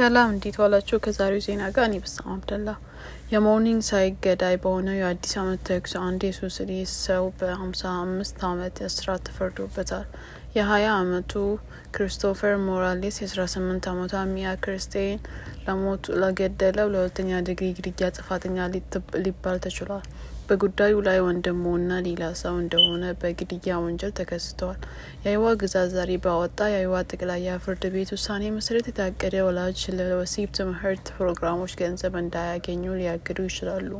ሰላም እንዴት ዋላችሁ? ከዛሬው ዜና ጋር እኔ በሳም አብደላ። የሞርኒንግ ሳይድ ገዳይ በሆነው የአዲስ ዓመት ተኩስ አንድ የሶስሪ ሰው በሀምሳ አምስት ዓመት እስራት ተፈርዶበታል። የሀያ ዓመቱ ክሪስቶፈር ሞራሌስ የአስራ ስምንት ዓመቷ ሚያ ክርስቴን ለሞቱ ለገደለው ለሁለተኛ ዲግሪ ግድያ ጥፋተኛ ሊባል ተችሏል። በጉዳዩ ላይ ወንድሙና ሌላ ሰው እንደሆነ በግድያ ወንጀል ተከስተዋል። የአይዋ ግዛት ዛሬ ባወጣ የአይዋ ጠቅላይ ፍርድ ቤት ውሳኔ መሰረት የታቀደ ወላጅ ለወሲብ ትምህርት ፕሮግራሞች ገንዘብ እንዳያገኙ ሊያግዱ ይችላሉ።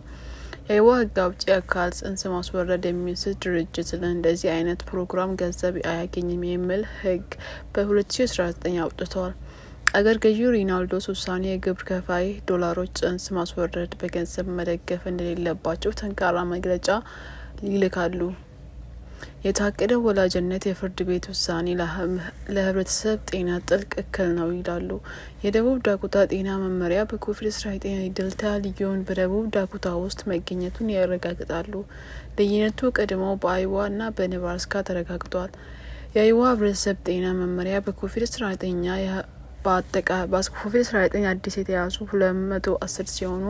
የአይዋ ህግ አውጪ አካል ጽንስ ማስወረድ የሚስል ድርጅት ለእንደዚህ አይነት ፕሮግራም ገንዘብ አያገኝም የሚል ህግ በ2019 አውጥቷል። አገር ገዢ ሪናልዶስ ውሳኔ የግብር ከፋይ ዶላሮች ጽንስ ማስወረድ በገንዘብ መደገፍ እንደሌለባቸው ጠንካራ መግለጫ ይልካሉ። የታቀደ ወላጅነት የፍርድ ቤት ውሳኔ ለህብረተሰብ ጤና ጥልቅ እክል ነው ይላሉ። የደቡብ ዳኮታ ጤና መመሪያ በኮቪድ-19 ዴልታ ልዩን በደቡብ ዳኮታ ውስጥ መገኘቱን ያረጋግጣሉ። ልዩነቱ ቀድሞው በአይዋ እና በኔብራስካ ተረጋግጧል። የአይዋ ህብረተሰብ ጤና መመሪያ በኮቪድ-19 በአስኮፊል አስራ ዘጠኝ አዲስ የተያዙ ሁለት መቶ አስር ሲሆኑ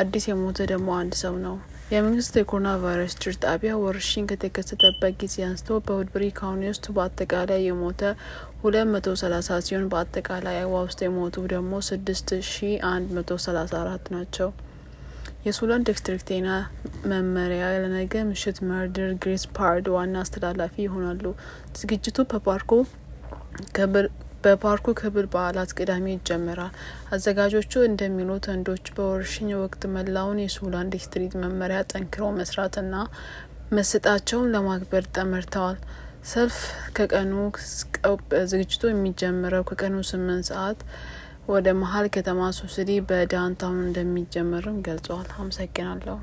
አዲስ የሞተ ደግሞ አንድ ሰው ነው። የመንግስት የኮሮና ቫይረስ ድር ጣቢያ ወረርሽኝ ከተከሰተበት ጊዜ አንስቶ በሁድብሪ ካውንቲ ውስጥ በአጠቃላይ የሞተ ሁለት መቶ ሰላሳ ሲሆን በአጠቃላይ አይዋ ውስጥ የሞቱ ደግሞ ስድስት ሺ አንድ መቶ ሰላሳ አራት ናቸው። የሱላን ዲስትሪክት ጤና መመሪያ ለነገ ምሽት መርደር ግሬስ ፓርድ ዋና አስተላላፊ ይሆናሉ። ዝግጅቱ በፓርኮ በፓርኩ ክብር በዓላት ቅዳሜ ይጀመራል። አዘጋጆቹ እንደሚሉት ወንዶች በወረርሽኝ ወቅት መላውን የሱላንድ ስትሪት መመሪያ ጠንክረው መስራትና መስጣቸውን ለማክበር ተመርተዋል። ሰልፍ ከቀኑ ዝግጅቱ የሚጀምረው ከቀኑ ስምንት ሰዓት ወደ መሀል ከተማ ሱስዲ በዳንታውን እንደሚጀምርም ገልጸዋል። አመሰግናለሁ።